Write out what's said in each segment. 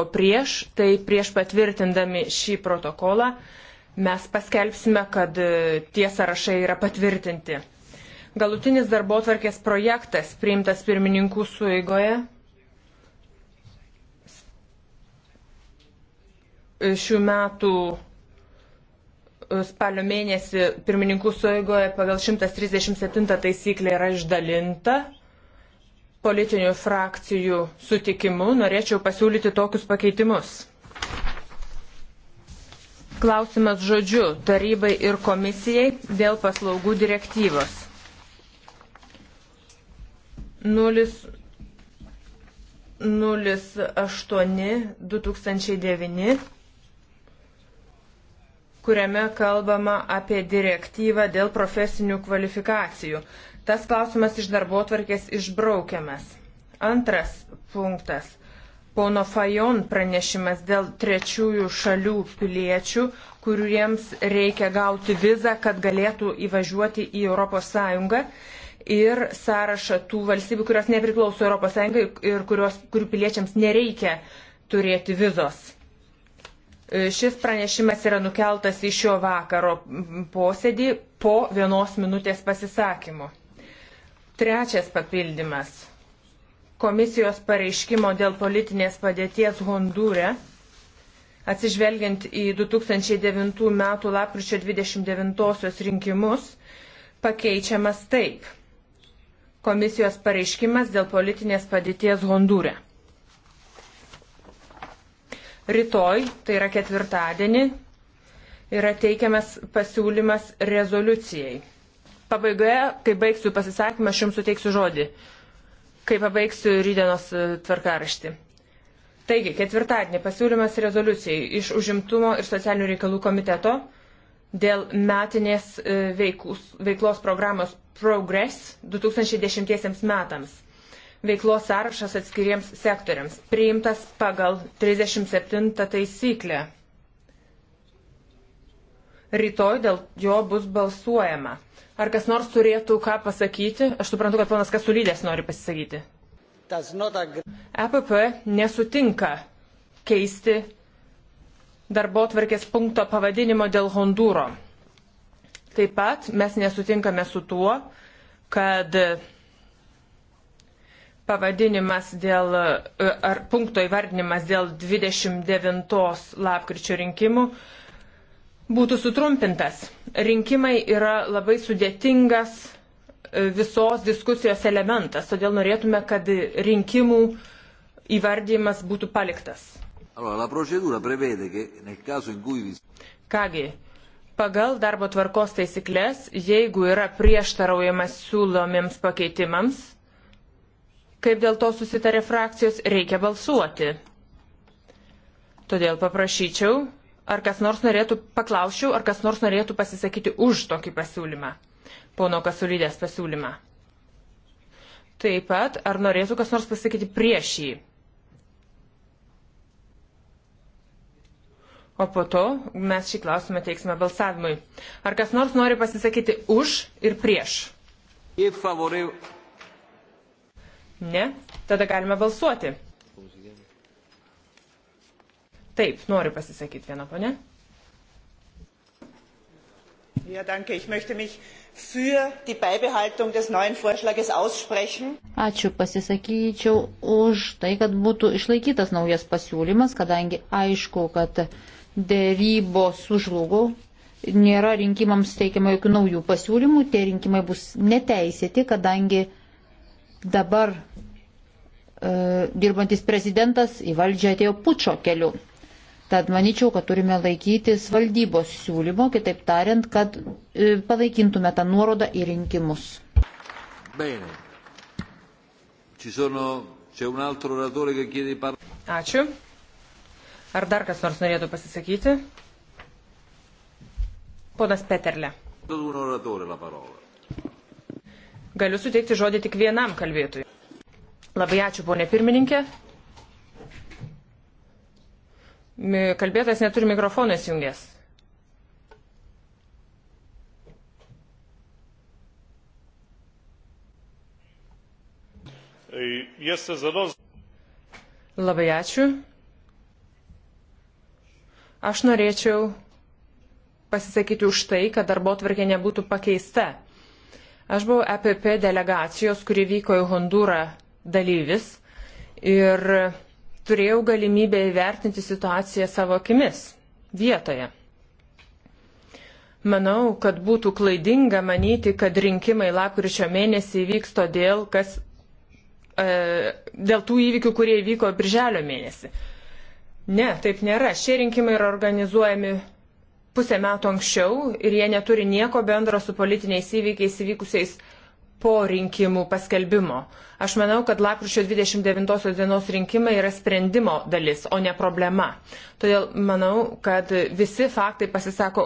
O prieš, tai prieš patvirtindami šį protokolą mes paskelbsime, kad e, tie sąrašai yra patvirtinti. Galutinis darbo tvarkės projektas priimtas pirmininkų suigoje e, šių metų e, spalio mėnesį pirmininkų suigoje pagal 137 taisyklę yra išdalinta politinių frakcijų sutikimu norėčiau pasiūlyti tokius pakeitimus. Klausimas žodžiu tarybai ir komisijai dėl paslaugų direktyvos. 08-2009, kuriame kalbama apie direktyvą dėl profesinių kvalifikacijų. Tas klausimas iš darbo tvarkės išbraukiamas. Antras punktas. Pono Fajon pranešimas dėl trečiųjų šalių piliečių, kuriems reikia gauti vizą, kad galėtų įvažiuoti į ES ir sąrašą tų valstybių, kurios nepriklauso ES ir kurios, kurių piliečiams nereikia turėti vizos. E, šis pranešimas yra nukeltas į šio vakaro posėdį po vienos minutės pasisakymo. Trečias papildymas. Komisijos pareiškimo dėl politinės padėties Hondūre, atsižvelgiant į 2009 m. lapkričio 29 rinkimus, pakeičiamas taip. Komisijos pareiškimas dėl politinės padėties Hondūre. Rytoj, tai yra ketvirtadienį, yra teikiamas pasiūlymas rezoliucijai Pabaigoje, kai baigsiu pasisakymą, aš jums suteiksiu žodį, kai pabaigsiu rydienos e, tvarkaraštį. Taigi, ketvirtadienį pasiūlymas rezoliucijai iš užimtumo ir socialinių reikalų komiteto dėl metinės e, veiklus, veiklos programos Progress 2010 metams. Veiklos sąrašas atskiriems sektoriams priimtas pagal 37 taisyklę rytoj dėl jo bus balsuojama. Ar kas nors turėtų ką pasakyti? Aš suprantu, kad ponas Kasulydės nori pasisakyti. EPP e nesutinka keisti darbo tvarkės punkto pavadinimo dėl Hondūro. Taip pat mes nesutinkame su tuo, kad pavadinimas dėl, e, ar punkto įvardinimas dėl 29 lapkričio rinkimų uh, būtų sutrumpintas. Rinkimai yra labai sudėtingas e, visos diskusijos elementas, todėl norėtume, kad rinkimų įvardymas būtų paliktas. Kągi, pagal darbo tvarkos taisyklės, jeigu yra prieštaraujamas siūlomiems pakeitimams, kaip dėl to susitarė frakcijos, reikia balsuoti. Todėl paprašyčiau ar kas nors norėtų, paklausčiau, ar kas nors norėtų pasisakyti už tokį pasiūlymą, pono Kasulydės pasiūlymą. Taip pat, ar norėtų kas nors pasakyti prieš jį. O po to mes šį klausimą teiksime balsavimui. Ar kas nors nori pasisakyti už ir prieš? Ne, tada galime balsuoti. Taip, noriu pasisakyti vieną ponę. Ja, danke. Ich möchte mich für die Beibehaltung des neuen Vorschlages aussprechen. Ačiū pasisakyčiau už tai, kad būtų išlaikytas naujas pasiūlymas, kadangi aišku, kad dėrybo sužlugo, nėra rinkimams teikiama jokių naujų pasiūlymų, tie rinkimai bus neteisėti, kadangi dabar e, dirbantis prezidentas į valdžią atėjo pučio keliu. Tad manyčiau, kad turime laikytis valdybos siūlymo, kitaip tariant, kad e, panaikintume tą nuorodą į rinkimus. Bene. Ačiū. Ar dar kas nors norėtų pasisakyti? Ponas Peterle. Galiu suteikti žodį tik vienam kalbėtojui. Labai ačiū, ponė pirmininkė. Kalbėtas neturi mikrofonas jungęs. Jeste zelo. Labai ačiū. Aš norėčiau pasisakyti už tai, kad darbo tvarkė nebūtų pakeista. Aš buvau EPP delegacijos, kuri vyko į Hondūrą dalyvis ir turėjau galimybę įvertinti situaciją savo akimis vietoje. Manau, kad būtų klaidinga manyti, kad rinkimai lapkričio mėnesį įvyks todėl, kas, e, dėl tų įvykių, kurie įvyko birželio mėnesį. Ne, taip nėra. Šie rinkimai yra organizuojami pusę metų anksčiau ir jie neturi nieko bendro su politiniais įvykiais įvykusiais po rinkimų paskelbimo. Aš manau, kad lakrušio 29 dienos rinkimai yra sprendimo dalis, o ne problema. Todėl manau, kad visi faktai pasisako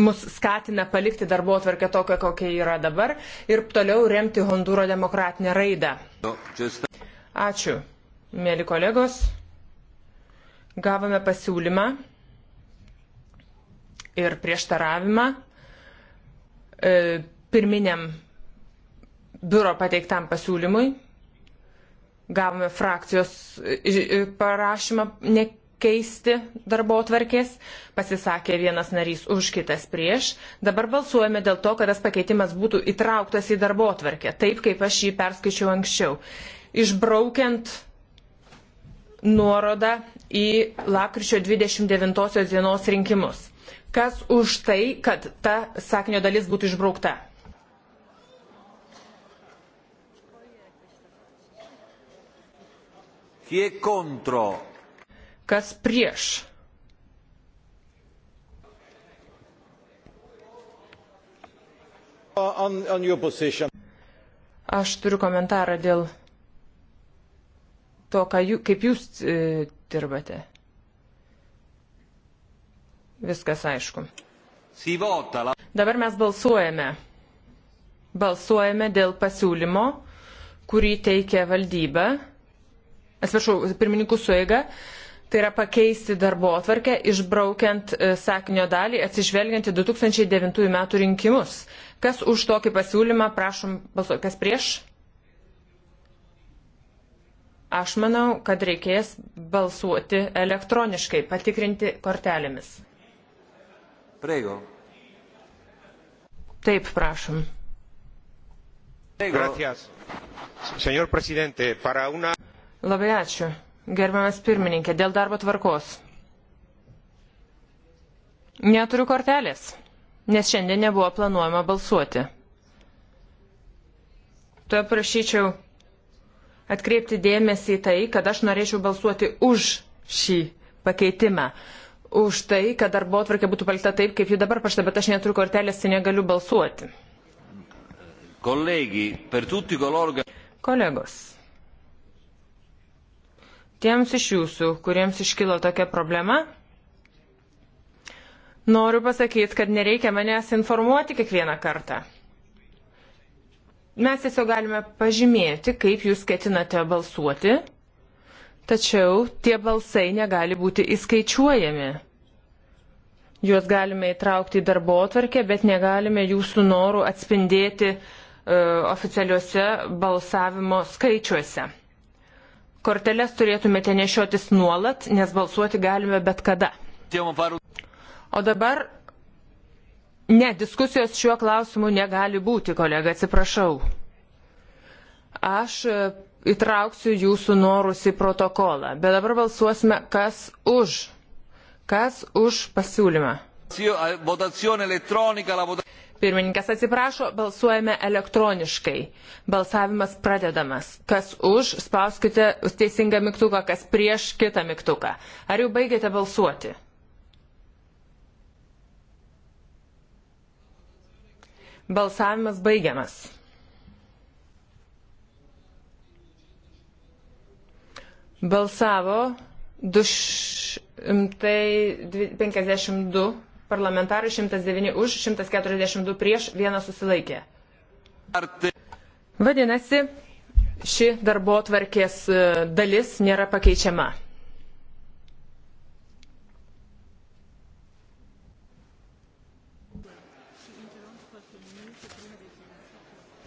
mus skatina palikti darbo atvarkę tokią, kokia yra dabar ir toliau remti Hondūro demokratinę raidą. Ačiū, mėly kolegos. Gavome pasiūlymą ir prieštaravimą e, pirminiam biuro pateiktam pasiūlymui. Gavome frakcijos e, e, parašymą nekeisti darbo tvarkės. Pasisakė vienas narys už, kitas prieš. Dabar balsuojame dėl to, kad tas pakeitimas būtų įtrauktas į darbo tvarkę, taip kaip aš jį perskaičiau anksčiau. Išbraukiant nuorodą į lapkričio 29 dienos rinkimus. Kas už tai, kad ta sakinio dalis būtų išbraukta? Kas prieš? On, on Aš turiu komentarą dėl to, jų, kaip jūs e, dirbate. Viskas aišku. Dabar mes balsuojame. Balsuojame dėl pasiūlymo, kurį teikia valdyba atsiprašau, pirmininkų suėga, tai yra pakeisti darbo atvarkę, išbraukiant e, sakinio dalį, atsižvelgiant į 2009 metų rinkimus. Kas už tokį pasiūlymą, prašom, balsuoti, kas prieš? Aš manau, kad reikės balsuoti elektroniškai, patikrinti kortelėmis. Prego. Taip, prašom. Prego. Gracias. Señor presidente, para una. Labai ačiū. Gerbiamas pirmininkė, dėl darbo tvarkos. Neturiu kortelės, nes šiandien nebuvo planuojama balsuoti. Tuo prašyčiau atkreipti dėmesį į tai, kad aš norėčiau balsuoti už šį pakeitimą. Už tai, kad darbo atvarkė būtų palikta taip, kaip ji dabar pašta, bet aš neturiu kortelės ir negaliu balsuoti. Kolegi, per tutti coloro... Kolegos, Tiems iš jūsų, kuriems iškilo tokia problema, noriu pasakyti, kad nereikia manęs informuoti kiekvieną kartą. Mes tiesiog galime pažymėti, kaip jūs ketinate balsuoti, tačiau tie balsai negali būti įskaičiuojami. Juos galime įtraukti į darbo atvarkę, bet negalime jūsų norų atspindėti uh, oficialiuose balsavimo skaičiuose. Korteles turėtumėte nešiotis nuolat, nes balsuoti galime bet kada. O dabar. Ne, diskusijos šiuo klausimu negali būti, kolega, atsiprašau. Aš e, įtrauksiu jūsų norus į protokolą, bet dabar balsuosime, kas už. Kas už pasiūlymą? votazione elettronica la votazione Pirmininkas atsiprašo, balsuojame elektroniškai. Balsavimas pradedamas. Kas už, spauskite teisingą mygtuką, kas prieš kitą mygtuką. Ar jau baigėte balsuoti? Balsavimas baigiamas. Balsavo 252 parlamentarai 109 už, 142 prieš, vienas susilaikė. Vadinasi, ši darbo tvarkės e, dalis nėra pakeičiama.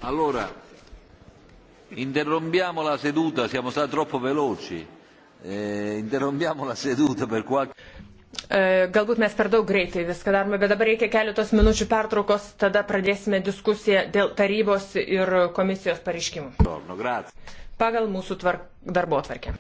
Allora, interrompiamo la seduta, siamo stati troppo veloci. Eh, interrompiamo la seduta per qualche E, galbūt mes per daug greitai viską darome, bet dabar reikia keletos minučių pertraukos, tada pradėsime diskusiją dėl tarybos ir komisijos pareiškimų. Pagal mūsų tvark, darbo atvarkę.